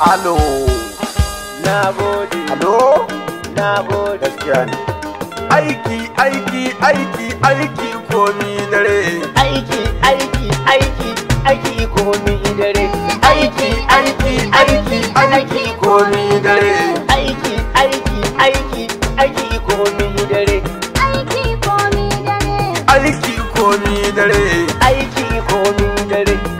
Alo. Na gode. Alo. Na gode. Gaskiya ne. Aiki, aiki, aiki, aiki komi dare. Aiki, aiki, aiki, aiki komi dare. Aiki, aiki, aiki, aiki komi dare. Aiki, aiki, aiki, aiki komi dare. Aiki komi dare. Aiki komi dare. Aiki komi dare.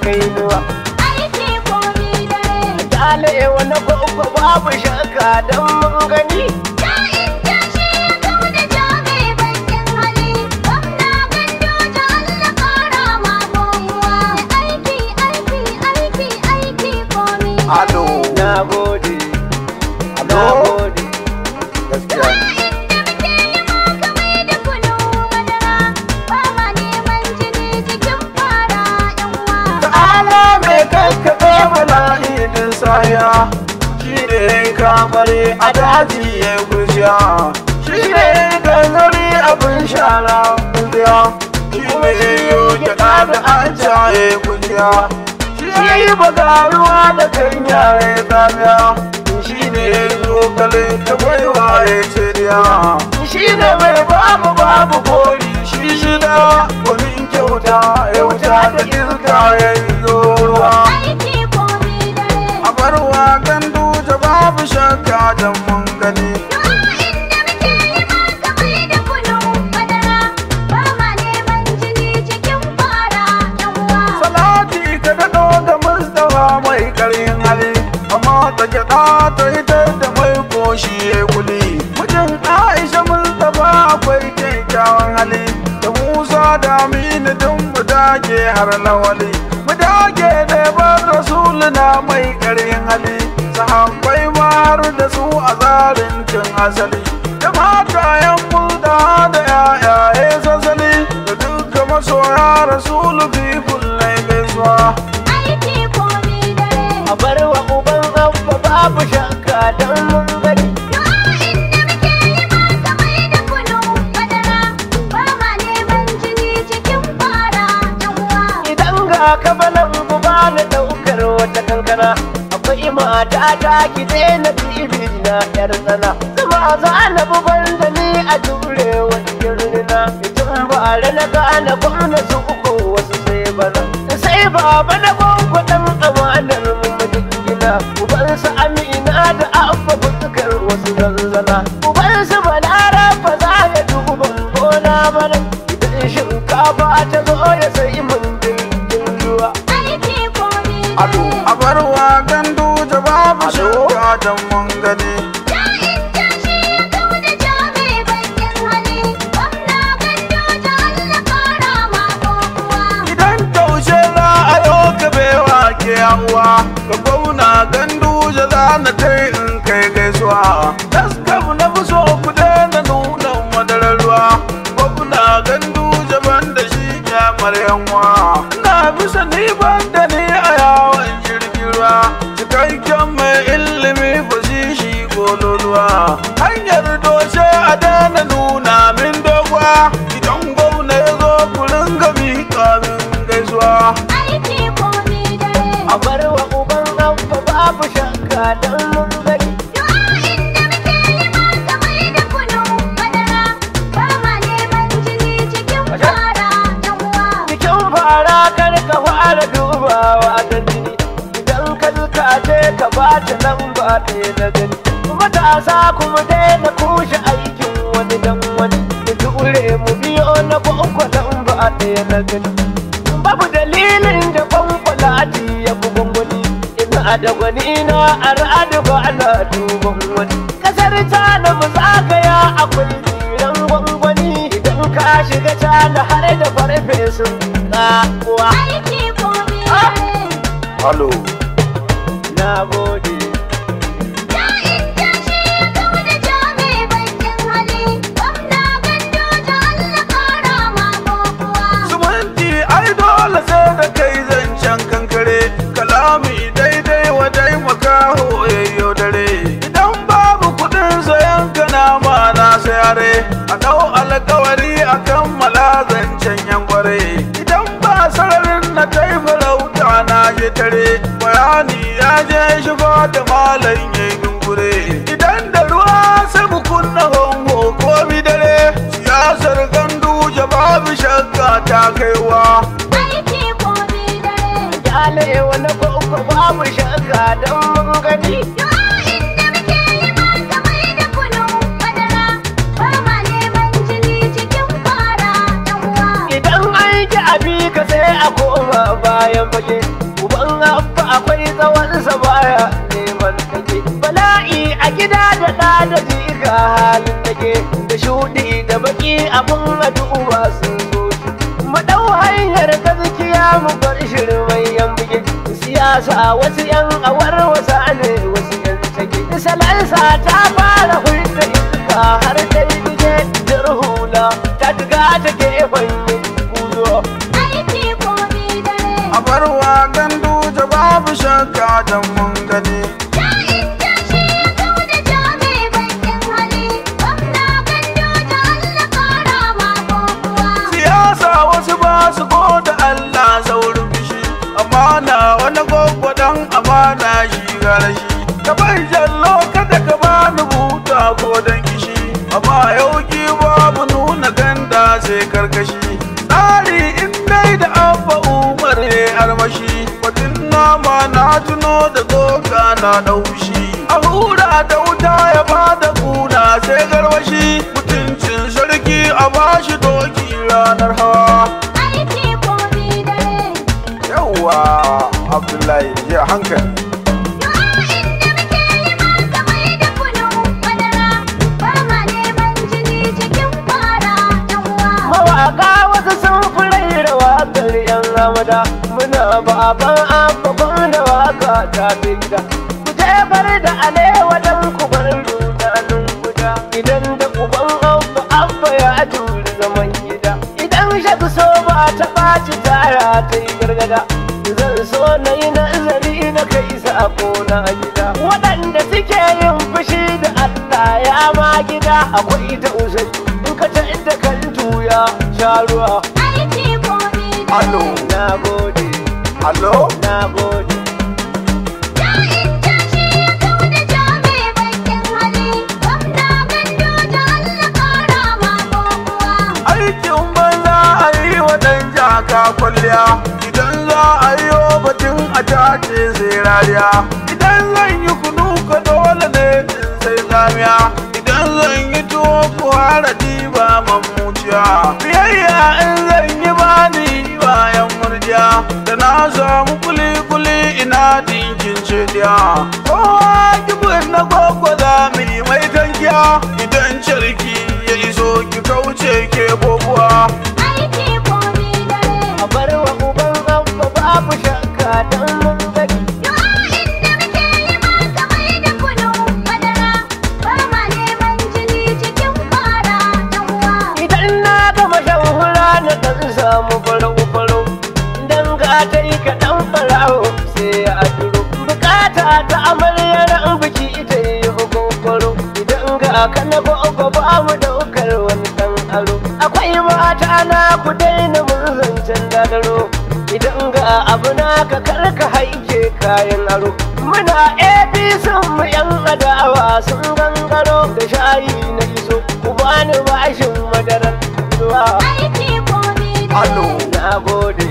kai nuwa aiki komi dare dale eh, wani ko babu shakka don mun gani shara shi ne gangare abin shara kuliya shi ne yiwu da ƙada an jaye kuliya shi yi bagaruwa da kan yare tsamiya shi ne zokale da baiwa ya ciriya shi ne mai babu babu kori shi shida kunin kyauta ya wuta da iska ya yi zuwa a barwa gandu ta babu shakka don mun gani har lawali mu dage ne ba na mai ƙarfin hali sahabbai ma da su a tsarin cin asali a kabala ubu ba na ɗaukar wata kankana akwai mata ta ki na tiri na yar tsana kuma a zana buban da ni a jure wani girnina idan ba a rana gane su uku wasu sai bana sai ba bana gwamnati ado a barwa gandu da babu shuka don nuna min dogwa sabin babu dalilin da kwankwala aji ya fi gwangwani ina da gwani na ar'adu ba ana duban wani kasar ta na mu zagaya akwai tsiran gwangwani idan ka shiga ta na har da farfesun kakuwa. Aiki ah! Na gode. tare a dau alkawari a kammala zancen yan gware idan ba sararin na kai farauta na je tare bayani ya je shigo da malam ya yi idan da ruwa sai mu kunna hongo bi dare siyasar gandu babu shakka ta kaiwa aiki komi dare ko na ba mu shakka don bayan fage uban abba akwai tsawonsa baya neman take bala'i a gida da ɗa da jika halin take da shuɗi da baki abun addu'a sun zo madau hanyar ta zikiya mu bar shirmai yan bige siyasa wasu yan awar wasa ne wasu yan take salansa ta dan mun gani wasu ba su ko Allah saurin bishi amana wani gogo dan amana shi gara shi ka bai jallo kada ka bani buta ko dan kishi amma yau ki babu nuna ganda sai karkashi tuno da doka na daushi a hura da wuta ya bada kuna sai garwashi mutuncin sarki a bashi doki ranar hawa aiki ko ni dare yawa abdullahi je hankali ba wasu sun 'yan ramada muna ba a ban ta ta gida ku jefar da alewa dan ku bar guda idan da uban abba abba ya juri zaman gida idan shaku so ba ta ɓaci tara ta yi gargada zan so na yi nazari na kai sako na gida waɗanda suke yin fushi da Allah ya ma gida akwai da usai in ka ta inda kan tuya sha ruwa aiki ko ni na gode Hello? Now, rariya idan za a yi batun a tace sai rariya idan zan yi kunu ka dole ne sai samiya. idan zan yi tuwo ku hara ba mamuciya biyayya in zan yi bani bayan murjiya da na samu kuli kuli ina dinkin cediya kowa kibin na mu mai mai tankiya idan cirki ya iso ki kauce ke bobuwa ka na gogo ba mu daukar wani aro akwai mata na ku daina mun zancen dadaro idan ga abu na ka karka haike kayan aro muna apc mu yan adawa sun gangaro da shayi na iso ku bani bashin madaran ruwa aiki komi da na gode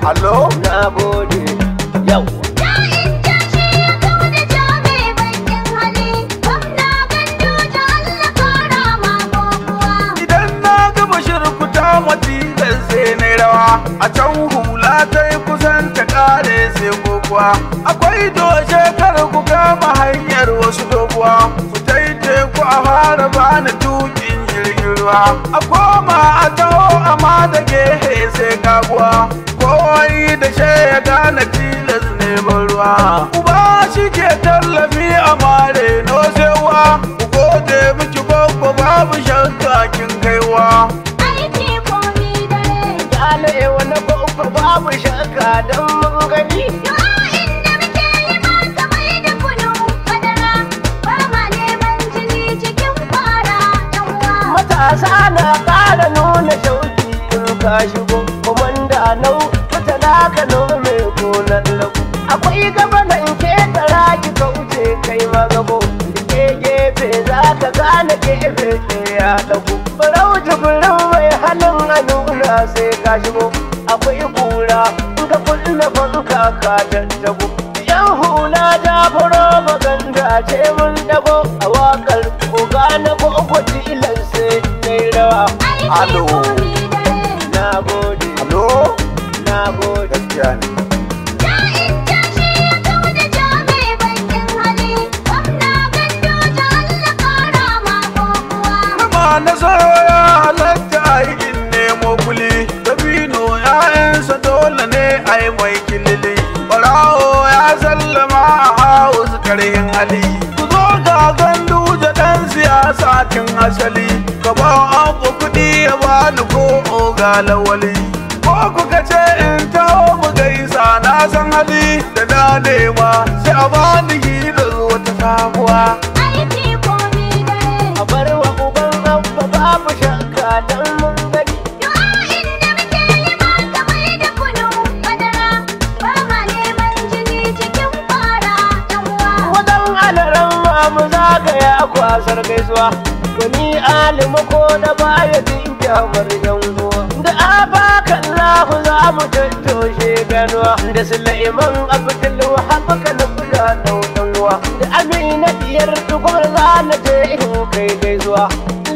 Na gode. a can hula ta yi kusan ta kare sai goguwa akwai doje kar ku kama hanyar wasu doguwa ku taite ku a fara bani tukin jirgin ruwa a koma a taho ma da gehe sai kaguwa kowai da shaya gane tilas neman ruwa ba shi ke tallafi a mare no sewa ku gode miki babba babu shakka kin kaiwa ne eh, wani ba babu shaka don mun gani. Du'a'in da muke yi ba kamar da kunu madara ba ma neman jini cikin fara ɗan uwa. Matasa na ƙara nuna shauki in ka shigo komanda nau fita na ka nome gonan lau. Akwai gabanin ke tara kauce kai ma gabo. Ke za ka gane gefe ya ɗago. ka sai ka shigo akwai kura in ka kulli na fanka ka tattago yan hula ta furo maganda ce mun dago a wakar koga na gwagwati ilan sai na rawa alo na gode alo na gode gaskiya ne ai mai kilili barawo ya sallama a wasu karhin hali ku zo ga gandu da dan siyasa kin asali ka ba an ku kuɗi ya bani ko oga lawali ko kuka ce in taho mu gaisa na san Ali da nema? sai a bani hira wata ta sabuwa aiki ko ni dare a bar wa uban ba babu shakka dan alima ko da baya din kyamar yango da abaka Allahu za mu tattoshe ganuwa da Sulaiman Abdul Wahab na kula da danwa da Amina diyar tukur za na je in kai zuwa.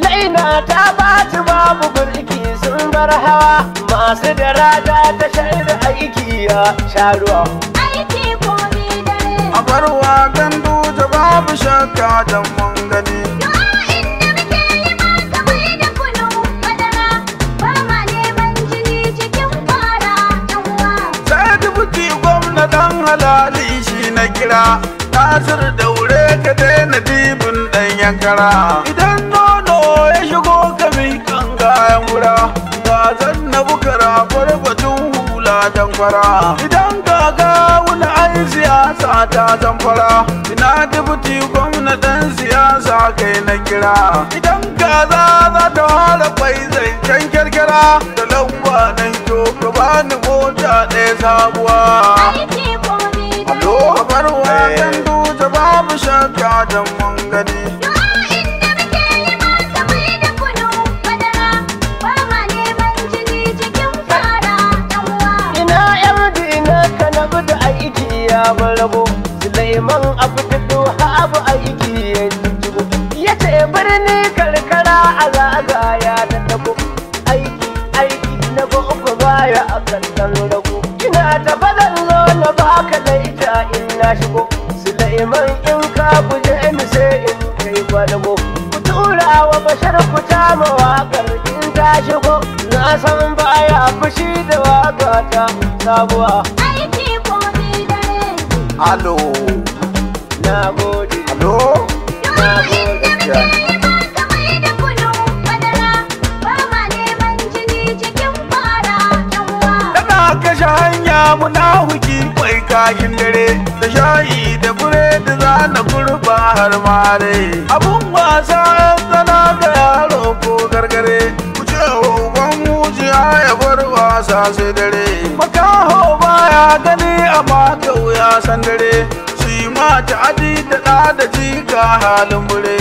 Laina ta baci babu burki sun bar hawa masu daraja ta shaida aiki ya sharuwa aiki ko dare babu shakka dan mun gani halali shi na kira nasir daure ka daina dibin dan yankara idan nono ya shigo ka mi kan kayan wura ga zan na bukara farbatun hula damfara idan kaga wani ai siyasa ta zamfara ina dubuti gwamnatin siyasa kai na kira idan kaza za ta hana zai zancen na da lagwa nan jo ka bani mota ɗaya sabuwa Alo barwa kan duta babu shakka da mun gani Ina yardi na kanabu da aiki ya barabo Suleiman abu akan dan rago kina ta bazan zo na baka da ita in na shigo Sulaiman in ka buje ni sai in kai gwadago ku tura wa bashar ku ta mawaƙar in ta shigo na san baya fushi da waƙa ta sabuwa aiki ko ni dare Alo na gode Alo na gode ya muna huki mai kakin dare da shayi da fure da zana kurba har mare abun wasa zana ga yaro ko gargare ku ce hoban mujiya ya bar wasa sai dare makaho baya gani amma kau ya san dare su yi mata adi da da jika halin bure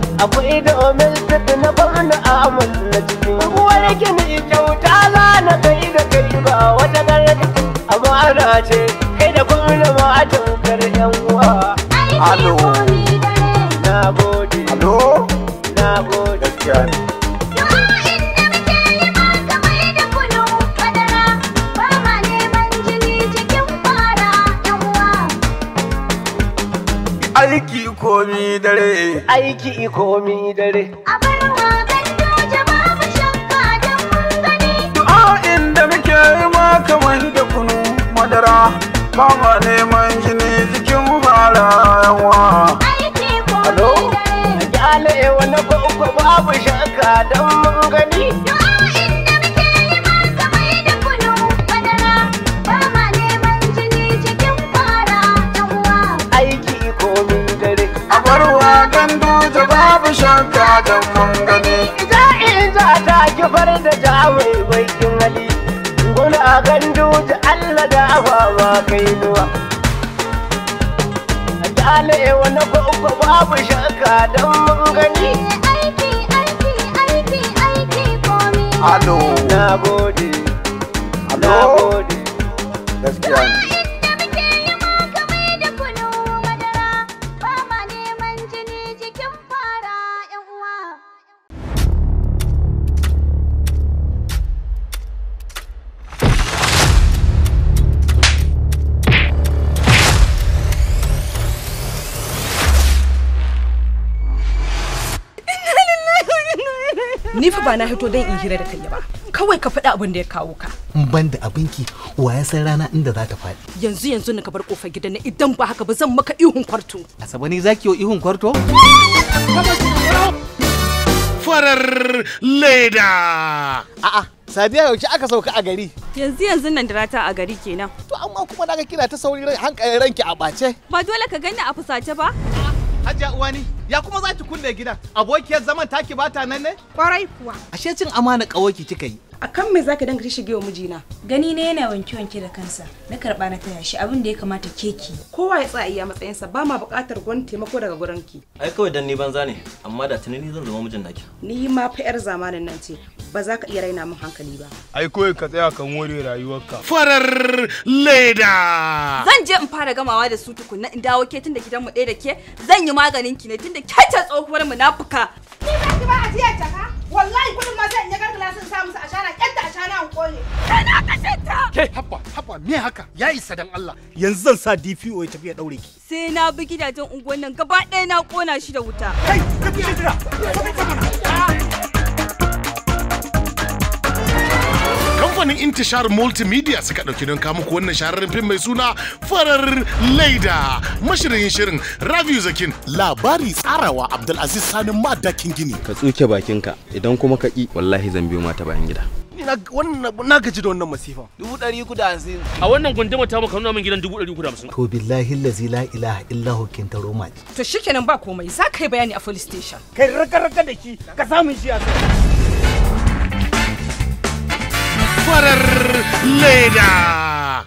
akwai da omel fit na barna a amal na jini uwar gini kyauta la na kai da kai ba wata gargaɗi amana ce kai da gwamna ma a tankar yan uwa alo na gode alo na gode gaskiya aiki komi dare. A bar wagan doje babu shakka da mun gani. Du'a'in da muke yi ma kamar da kunu madara, ba ma neman jini jikin fara yawa. Aiki komi dare. Alo, na gyale wani ba babu shakka da mun Hello. Hello. za in za ta kifar da jawai bakin gandu da Allah da ba kai a Dale wani ba babu shakka mun gani aiki aiki aiki aiki komi na ba na hito don in hira da kai ba kawai ka faɗi abin da ya kawo ka ban da abinki wa ya san rana inda za ta faɗi yanzu yanzu na ka bar kofar gidan idan ba haka ba zan maka ihun kwarto asabe ne zaki yi ihun kwarto farar leda a'a sabiya yaushe aka sauka a gari yanzu yanzu nan da rata a gari kenan to amma kuma na ga kira ta sauri ranki a bace ba dole ka gani a fusace ba Hajiya uwani, ya kuma za ki kunne gidan? Abokiyar zaman taki ba ta nan ne? Kwarai kuwa. Ashe cin amana ki kika yi. A kan me za ka danga shige wa mijina? Gani ne yana wanke-wanke da kansa. Na karɓa na taya shi abin da ya kamata ke ki. Kowa ya tsaya iya matsayinsa ba ma bukatar gwani taimako daga gurin ki. Ai kawai dan ni banza ne, amma da tunani zan zama mijin naki. Ni ma fa 'yar zamanin nan ce, ba za ka iya raina min hankali ba. Ai kawai ka tsaya ka more rayuwarka. Farar leda. Zan je in fara gamawa da su tukunna in dawo ke tunda gidanmu ɗaya da ke zan yi maganin ki ne tunda ke ta tsohuwar munafuka. Ni ba ki ba a jiya ka? Wallahi kudin ma zan iya gargala sun sa musu ashana kyanta ashana an kone. Kana kashe ta. Ke haba haba me haka ya isa dan Allah yanzu zan sa DPO ya tafi ya daure ki. Sai na bi gidajen unguwan nan gaba ɗaya na kona shi da wuta. Kai ka bi shi dira. Ka bi kamfanin intishar multimedia suka ɗauki don kamu ku wannan shahararren fim mai suna farar laida mashirin shirin rabiu zakin labari tsarawa abdulaziz sani dakin gini ka tsuke bakinka idan kuma ka ƙi wallahi zan biyo mata bayan gida na gaji da wannan masifa. Dubu ɗari uku da hamsin. A wannan gunduma ta maka nuna min gidan dubu ɗari uku da hamsin. To billahi lazi la ilaha illa hukin ta roma. To shikenan ba komai za ka yi bayani a police station. Kai raka-raka da shi ka samun shi a sai. Leda.